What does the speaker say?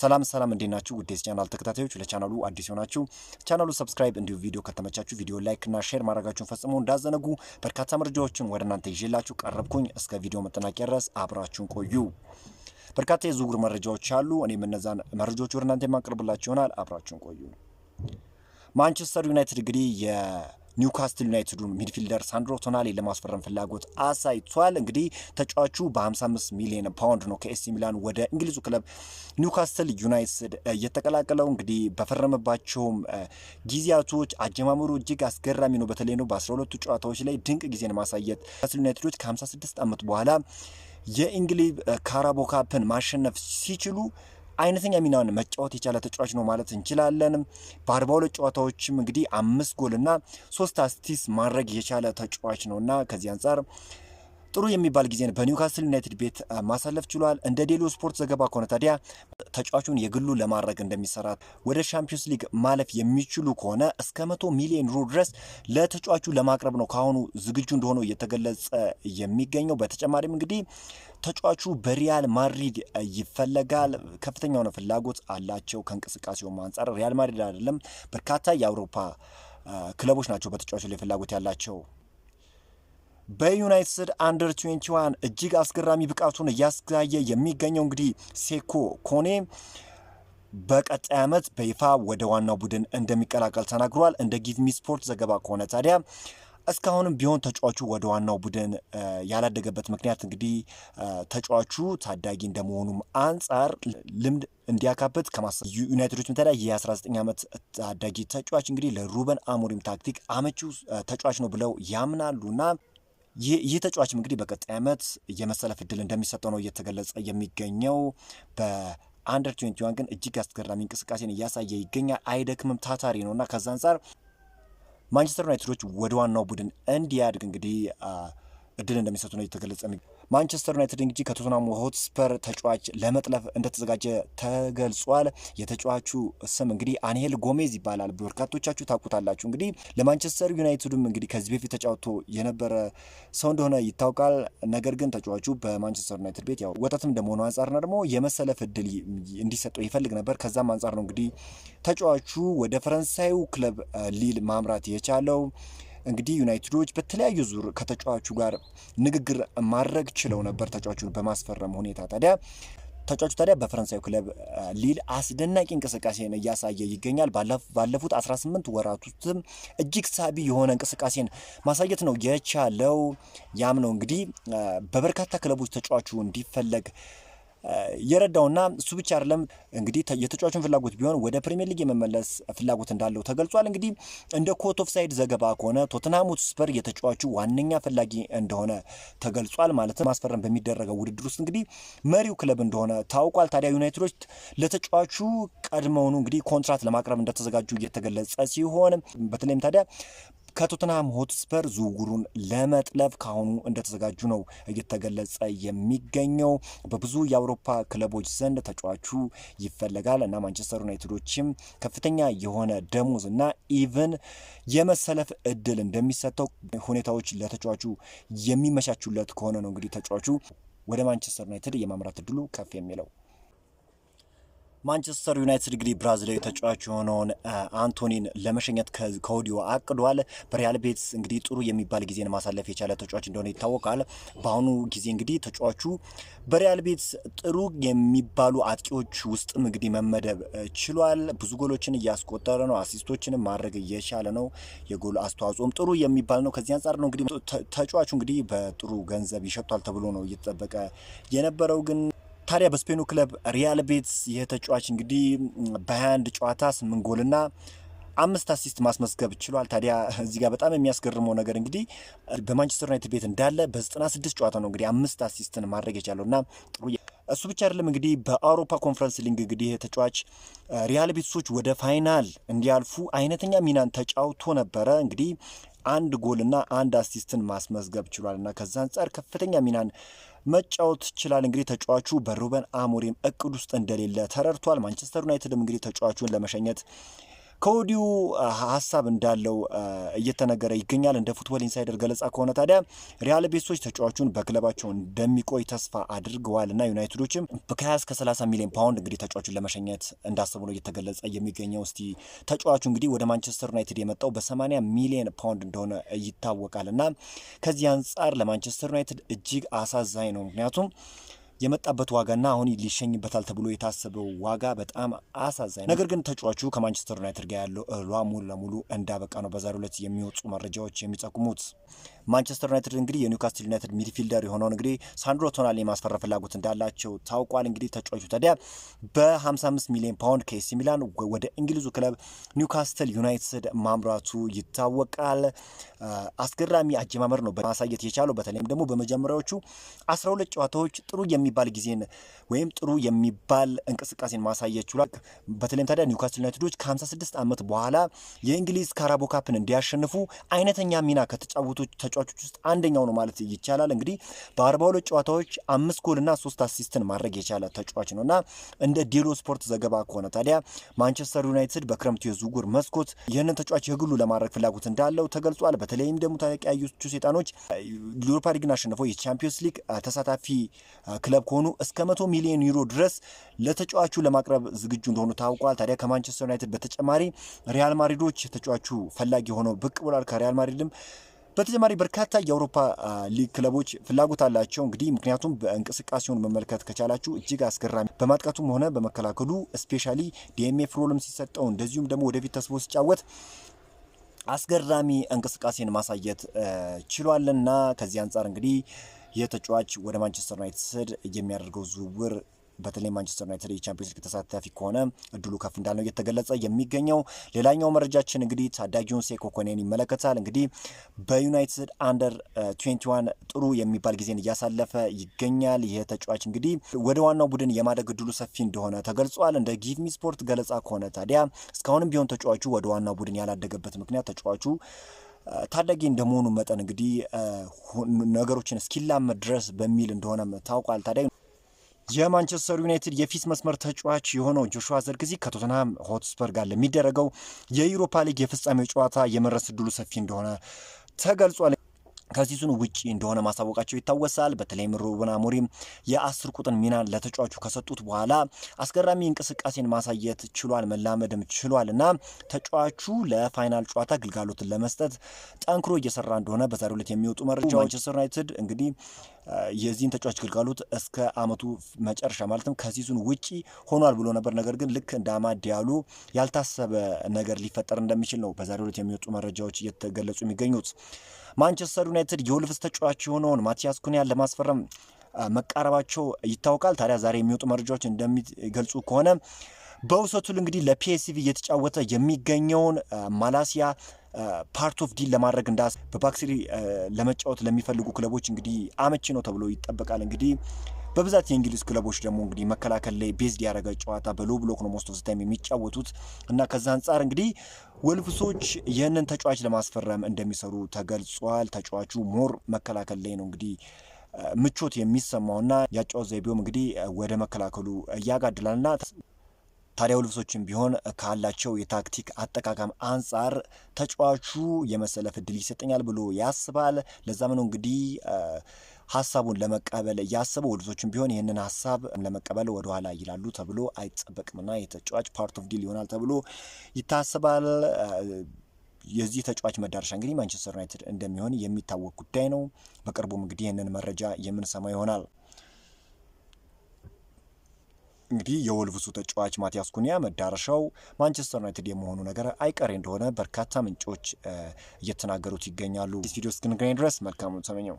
ሰላም ሰላም፣ እንዴት ናችሁ? ውዴስ ቻናል ተከታታዮች፣ ለቻናሉ አዲስ የሆናችሁ ቻናሉ ሰብስክራይብ፣ እንዲሁ ቪዲዮ ከተመቻችሁ ቪዲዮ ላይክ እና ሼር ማድረጋችሁን ፈጽሞ እንዳዘነጉ። በርካታ መረጃዎችን ወደ እናንተ ይዤላችሁ ቀረብኩኝ። እስከ ቪዲዮ መጠናቂያ ድረስ አብራችሁን ቆዩ። በርካታ የዝውውር መረጃዎች አሉ። እኔም እነዛን መረጃዎች ወደ እናንተ የማቀርብላችሁ ይሆናል። አብራችሁን ቆዩ። ማንቸስተር ዩናይትድ እንግዲህ ኒውካስትል ዩናይትዱ ሚድፊልደር ሳንድሮ ቶናሌ ለማስፈረም ፍላጎት አሳይቷል። እንግዲህ ተጫዋቹ በ55 ሚሊዮን ፓውንድ ነው ከኤሲ ሚላን ወደ እንግሊዙ ክለብ ኒውካስትል ዩናይትድ የተቀላቀለው። እንግዲህ በፈረመባቸውም ጊዜያቶች አጀማመሩ እጅግ አስገራሚ ነው። በተለይ ነው በ12ቱ ጨዋታዎች ላይ ድንቅ ጊዜን ማሳየት ኒውካስትል ዩናይትዶች ከ56 ዓመት በኋላ የእንግሊዝ ካራቦካፕን ማሸነፍ ሲችሉ አይነተኛ ሚናውን መጫወት የቻለ ተጫዋች ነው ማለት እንችላለን። በአርባ ሁለት ጨዋታዎችም እንግዲህ አምስት ጎልና ሶስት አስቲስ ማድረግ የቻለ ተጫዋች ነውና ከዚህ አንጻር ጥሩ የሚባል ጊዜን በኒውካስል ዩናይትድ ቤት ማሳለፍ ችሏል። እንደ ዴሎ ስፖርት ዘገባ ከሆነ ታዲያ ተጫዋቹን የግሉ ለማድረግ እንደሚሰራት ወደ ሻምፒዮንስ ሊግ ማለፍ የሚችሉ ከሆነ እስከ መቶ ሚሊዮን ዩሮ ድረስ ለተጫዋቹ ለማቅረብ ነው ከአሁኑ ዝግጁ እንደሆነ እየተገለጸ የሚገኘው። በተጨማሪም እንግዲህ ተጫዋቹ በሪያል ማድሪድ ይፈለጋል። ከፍተኛ የሆነ ፍላጎት አላቸው። ከእንቅስቃሴውም አንጻር ሪያል ማድሪድ አይደለም፣ በርካታ የአውሮፓ ክለቦች ናቸው በተጫዋቹ ላይ ፍላጎት ያላቸው። በዩናይትድ አንደር 21 እጅግ አስገራሚ ብቃቱን እያሳየ የሚገኘው እንግዲህ ሴኮ ኮኔ በቀጣይ ዓመት በይፋ ወደ ዋናው ቡድን እንደሚቀላቀል ተናግሯል። እንደ ጊቭሚ ስፖርት ዘገባ ከሆነ ታዲያ እስካሁንም ቢሆን ተጫዋቹ ወደ ዋናው ቡድን ያላደገበት ምክንያት እንግዲህ ተጫዋቹ ታዳጊ እንደመሆኑም አንጻር ልምድ እንዲያካበት ከማሰብ ዩናይትዶች ታዲያ የ19 ዓመት ታዳጊ ተጫዋች እንግዲህ ለሩበን አሞሪም ታክቲክ አመቺው ተጫዋች ነው ብለው ያምናሉና ይህ ተጫዋችም እንግዲህ በቀጣይ ዓመት የመሰለፍ እድል እንደሚሰጠው ነው እየተገለጸ የሚገኘው። በአንደር ትዌንቲ ዋን ግን እጅግ አስገራሚ እንቅስቃሴን እያሳየ ይገኛል። አይደክምም፣ ታታሪ ነው እና ከዛ አንጻር ማንቸስተር ዩናይትዶች ወደ ዋናው ቡድን እንዲያድግ እንግዲህ እድል እንደሚሰጡ ነው እየተገለጸ ማንቸስተር ዩናይትድ እንግዲህ ከቶተናም ሆትስፐር ተጫዋች ለመጥለፍ እንደተዘጋጀ ተገልጿል። የተጫዋቹ ስም እንግዲህ አንሄል ጎሜዝ ይባላል። በርካቶቻችሁ ታውቁታላችሁ። እንግዲህ ለማንቸስተር ዩናይትዱም እንግዲህ ከዚህ በፊት ተጫውቶ የነበረ ሰው እንደሆነ ይታወቃል። ነገር ግን ተጫዋቹ በማንቸስተር ዩናይትድ ቤት ያው ወጣትም እንደመሆኑ አንጻርና ደግሞ የመሰለፍ እድል እንዲሰጠው ይፈልግ ነበር። ከዛም አንጻር ነው እንግዲህ ተጫዋቹ ወደ ፈረንሳዩ ክለብ ሊል ማምራት የቻለው። እንግዲህ ዩናይትዶች በተለያዩ ዙር ከተጫዋቹ ጋር ንግግር ማድረግ ችለው ነበር ተጫዋቹን በማስፈረም ሁኔታ ታዲያ ተጫዋቹ ታዲያ በፈረንሳዩ ክለብ ሊል አስደናቂ እንቅስቃሴን እያሳየ ይገኛል። ባለፉት 18 ወራት ውስጥም እጅግ ሳቢ የሆነ እንቅስቃሴን ማሳየት ነው የቻለው። ያም ነው እንግዲህ በበርካታ ክለቦች ተጫዋቹ እንዲፈለግ የረዳውና እሱ ብቻ አይደለም እንግዲህ የተጫዋቹን ፍላጎት ቢሆን ወደ ፕሪሚየር ሊግ የመመለስ ፍላጎት እንዳለው ተገልጿል። እንግዲህ እንደ ኮት ኦፍ ሳይድ ዘገባ ከሆነ ቶተንሃም ሆትስፐር የተጫዋቹ ዋነኛ ፈላጊ እንደሆነ ተገልጿል። ማለት ማስፈረም በሚደረገው ውድድር ውስጥ እንግዲህ መሪው ክለብ እንደሆነ ታውቋል። ታዲያ ዩናይትዶች ለተጫዋቹ ቀድመውኑ እንግዲህ ኮንትራት ለማቅረብ እንደተዘጋጁ እየተገለጸ ሲሆን በተለይም ታዲያ ከቶትናም ሆትስፐር ዝውውሩን ለመጥለፍ ካሁኑ እንደተዘጋጁ ነው እየተገለጸ የሚገኘው። በብዙ የአውሮፓ ክለቦች ዘንድ ተጫዋቹ ይፈለጋል እና ማንቸስተር ዩናይትዶችም ከፍተኛ የሆነ ደሞዝ እና ኢቨን የመሰለፍ እድል እንደሚሰጠው ሁኔታዎች ለተጫዋቹ የሚመቻቹለት ከሆነ ነው እንግዲህ ተጫዋቹ ወደ ማንቸስተር ዩናይትድ የማምራት እድሉ ከፍ የሚለው። ማንቸስተር ዩናይትድ እንግዲህ ብራዚላዊ ተጫዋች የሆነውን አንቶኒን ለመሸኘት ከወዲሁ አቅዷል። በሪያል ቤትስ እንግዲህ ጥሩ የሚባል ጊዜን ማሳለፍ የቻለ ተጫዋች እንደሆነ ይታወቃል። በአሁኑ ጊዜ እንግዲህ ተጫዋቹ በሪያል ቤትስ ጥሩ የሚባሉ አጥቂዎች ውስጥም እንግዲህ መመደብ ችሏል። ብዙ ጎሎችን እያስቆጠረ ነው። አሲስቶችንም ማድረግ እየቻለ ነው። የጎል አስተዋጽኦም ጥሩ የሚባል ነው። ከዚህ አንጻር ነው እንግዲህ ተጫዋቹ እንግዲህ በጥሩ ገንዘብ ይሸጧል ተብሎ ነው እየተጠበቀ የነበረው ግን ታዲያ በስፔኑ ክለብ ሪያል ቤትስ ይህ ተጫዋች እንግዲህ በ ጨዋታ 8 ጎልና አምስት አሲስት ማስመዝገብ ችሏል። ታዲያ እዚህ ጋር በጣም የሚያስገርመው ነገር እንግዲህ በማንቸስተር ዩናይትድ ቤት እንዳለ በ ስድስት ጨዋታ ነው እንግዲህ አምስት አሲስትን ማድረግ የቻለው እና ጥሩ እሱ ብቻ አይደለም እንግዲህ በአውሮፓ ኮንፈረንስ ሊግ እንግዲህ የተጫዋች ሪያል ቤትሶች ወደ ፋይናል እንዲያልፉ አይነተኛ ሚናን ተጫውቶ ነበረ። እንግዲህ አንድ ጎልና አንድ አሲስትን ማስመዝገብ ችሏል እና ከዛ አንጻር ከፍተኛ ሚናን መጫወት ችላል እንግዲህ ተጫዋቹ በሩበን አሞሪም እቅድ ውስጥ እንደሌለ ተረድቷል። ማንቸስተር ዩናይትድም እንግዲህ ተጫዋቹን ለመሸኘት ከወዲሁ ሀሳብ እንዳለው እየተነገረ ይገኛል። እንደ ፉትቦል ኢንሳይደር ገለጻ ከሆነ ታዲያ ሪያል ቤቶች ተጫዋቹን በክለባቸው እንደሚቆይ ተስፋ አድርገዋል እና ዩናይትዶችም ከ እስከ 30 ሚሊዮን ፓውንድ እንግዲህ ተጫዋቹን ለመሸኘት እንዳሰቡ ነው እየተገለጸ የሚገኘው። እስቲ ተጫዋቹ እንግዲህ ወደ ማንቸስተር ዩናይትድ የመጣው በ80 ሚሊዮን ፓውንድ እንደሆነ ይታወቃል እና ከዚህ አንጻር ለማንቸስተር ዩናይትድ እጅግ አሳዛኝ ነው ምክንያቱም የመጣበት ዋጋና አሁን ሊሸኝበታል ተብሎ የታሰበው ዋጋ በጣም አሳዛኝ። ነገር ግን ተጫዋቹ ከማንቸስተር ዩናይትድ ጋር ያለው እህሏ ሙሉ ለሙሉ እንዳበቃ ነው በዛሬው ዕለት የሚወጡ መረጃዎች የሚጠቁሙት። ማንቸስተር ዩናይትድ እንግዲህ የኒውካስትል ዩናይትድ ሚድፊልደር የሆነውን እንግዲህ ሳንድሮ ቶናሊ የማስፈረም ፍላጎት እንዳላቸው ታውቋል። እንግዲህ ተጫዋቹ ታዲያ በ55 ሚሊዮን ፓውንድ ከኤሲ ሚላን ወደ እንግሊዙ ክለብ ኒውካስትል ዩናይትድ ማምራቱ ይታወቃል። አስገራሚ አጀማመር ነው ማሳየት የቻለው በተለይም ደግሞ በመጀመሪያዎቹ 12 ጨዋታዎች ጥሩ የሚ የሚባል ጊዜን ወይም ጥሩ የሚባል እንቅስቃሴን ማሳየት ችሏል። በተለይም ታዲያ ኒውካስትል ዩናይትዶች ከ56 ዓመት በኋላ የእንግሊዝ ካራቦ ካፕን እንዲያሸንፉ አይነተኛ ሚና ከተጫወቱ ተጫዋቾች ውስጥ አንደኛው ነው ማለት ይቻላል። እንግዲህ በ42 ጨዋታዎች አምስት ጎልና ሶስት አሲስትን ማድረግ የቻለ ተጫዋች ነው እና እንደ ዴሎ ስፖርት ዘገባ ከሆነ ታዲያ ማንቸስተር ዩናይትድ በክረምቱ የዝውውር መስኮት ይህንን ተጫዋች የግሉ ለማድረግ ፍላጎት እንዳለው ተገልጿል። በተለይም ደግሞ ታዲያ ሴጣኖች ዩሮፓ ሊግን አሸንፈው የቻምፒዮንስ ሊግ ተሳታፊ ክለብ ክለብ ከሆኑ እስከ 100 ሚሊዮን ዩሮ ድረስ ለተጫዋቹ ለማቅረብ ዝግጁ እንደሆኑ ታውቋል። ታዲያ ከማንቸስተር ዩናይትድ በተጨማሪ ሪያል ማድሪዶች ተጫዋቹ ፈላጊ ሆነው ብቅ ብሏል። ከሪያል ማድሪድም በተጨማሪ በርካታ የአውሮፓ ሊግ ክለቦች ፍላጎት አላቸው። እንግዲህ ምክንያቱም በእንቅስቃሴውን መመልከት ከቻላችሁ እጅግ አስገራሚ በማጥቃቱም ሆነ በመከላከሉ ስፔሻሊ ዲኤምኤፍ ሮልም ሲሰጠው እንደዚሁም ደግሞ ወደፊት ተስቦ ሲጫወት አስገራሚ እንቅስቃሴን ማሳየት ችሏልና ከዚህ አንጻር እንግዲህ ይህ ተጫዋች ወደ ማንቸስተር ዩናይትድ የሚያደርገው ዝውውር በተለይ ማንቸስተር ዩናይትድ የቻምፒዮንስ ሊግ ተሳታፊ ከሆነ እድሉ ከፍ እንዳለ ነው እየተገለጸ የሚገኘው። ሌላኛው መረጃችን እንግዲህ ታዳጊውን ሴኮ ኮኔን ይመለከታል። እንግዲህ በዩናይትድ አንደር 21 ጥሩ የሚባል ጊዜን እያሳለፈ ይገኛል። ይህ ተጫዋች እንግዲህ ወደ ዋናው ቡድን የማደግ እድሉ ሰፊ እንደሆነ ተገልጿል። እንደ ጊቭሚ ስፖርት ገለጻ ከሆነ ታዲያ እስካሁንም ቢሆን ተጫዋቹ ወደ ዋናው ቡድን ያላደገበት ምክንያት ተጫዋቹ ታዳጊ እንደመሆኑ መጠን እንግዲህ ነገሮችን እስኪላመድ ድረስ በሚል እንደሆነም ታውቋል። ታዳጊ የማንቸስተር ዩናይትድ የፊት መስመር ተጫዋች የሆነው ጆሹዋ ዘርግዚ ከቶተንሃም ሆትስፐር ጋር ለሚደረገው የዩሮፓ ሊግ የፍጻሜው ጨዋታ የመድረስ እድሉ ሰፊ እንደሆነ ተገልጿል። ከሲዝኑ ውጪ እንደሆነ ማሳወቃቸው ይታወሳል። በተለይም ሩበን አሞሪም የአስር ቁጥር ሚናን ለተጫዋቹ ከሰጡት በኋላ አስገራሚ እንቅስቃሴን ማሳየት ችሏል፣ መላመድም ችሏል እና ተጫዋቹ ለፋይናል ጨዋታ ግልጋሎትን ለመስጠት ጠንክሮ እየሰራ እንደሆነ በዛሬው ዕለት የሚወጡ መረጃዎች ማንቸስተር ዩናይትድ እንግዲህ የዚህን ተጫዋች ግልጋሎት እስከ አመቱ መጨረሻ ማለትም ከሲዙን ውጪ ሆኗል ብሎ ነበር። ነገር ግን ልክ እንደ አማድ ያሉ ያልታሰበ ነገር ሊፈጠር እንደሚችል ነው በዛሬው ዕለት የሚወጡ መረጃዎች እየተገለጹ የሚገኙት። ማንቸስተር ዩናይትድ የወልቭስ ተጫዋች የሆነውን ማቲያስ ኩኒያን ለማስፈረም መቃረባቸው ይታወቃል። ታዲያ ዛሬ የሚወጡ መረጃዎች እንደሚገልጹ ከሆነ በውሰቱል እንግዲህ ለፒኤስቪ እየተጫወተ የሚገኘውን ማላሲያ ፓርት ኦፍ ዲል ለማድረግ እንዳስ በባክሲሪ ለመጫወት ለሚፈልጉ ክለቦች እንግዲህ አመቺ ነው ተብሎ ይጠበቃል። እንግዲህ በብዛት የእንግሊዝ ክለቦች ደግሞ እንግዲህ መከላከል ላይ ቤዝድ ያደረገ ጨዋታ በሎ ብሎክ ነው ሞስት ኦፍ ታይም የሚጫወቱት እና ከዛ አንጻር እንግዲህ ወልፍሶች ይህንን ተጫዋች ለማስፈረም እንደሚሰሩ ተገልጿል። ተጫዋቹ ሞር መከላከል ላይ ነው እንግዲህ ምቾት የሚሰማውና ያጫወት ዘይቤውም እንግዲህ ወደ መከላከሉ እያጋድላልና ታዲያ ወልቭሶችም ቢሆን ካላቸው የታክቲክ አጠቃቀም አንጻር ተጫዋቹ የመሰለፍ እድል ይሰጠኛል ብሎ ያስባል። ለዛም ነው እንግዲህ ሀሳቡን ለመቀበል ያሰበው ወልቭሶችም ቢሆን ይህንን ሀሳብ ለመቀበል ወደኋላ ይላሉ ተብሎ አይጠበቅምና የተጫዋች ፓርት ኦፍ ዲል ይሆናል ተብሎ ይታሰባል። የዚህ ተጫዋች መዳረሻ እንግዲህ ማንቸስተር ዩናይትድ እንደሚሆን የሚታወቅ ጉዳይ ነው። በቅርቡም እንግዲህ ይህንን መረጃ የምንሰማው ይሆናል። እንግዲህ የወልቭሱ ተጫዋች ማቲያስ ኩኒያ መዳረሻው ማንቸስተር ዩናይትድ የመሆኑ ነገር አይቀሬ እንደሆነ በርካታ ምንጮች እየተናገሩት ይገኛሉ። ቪዲዮ እስክንገናኝ ድረስ መልካም ሰመኘው።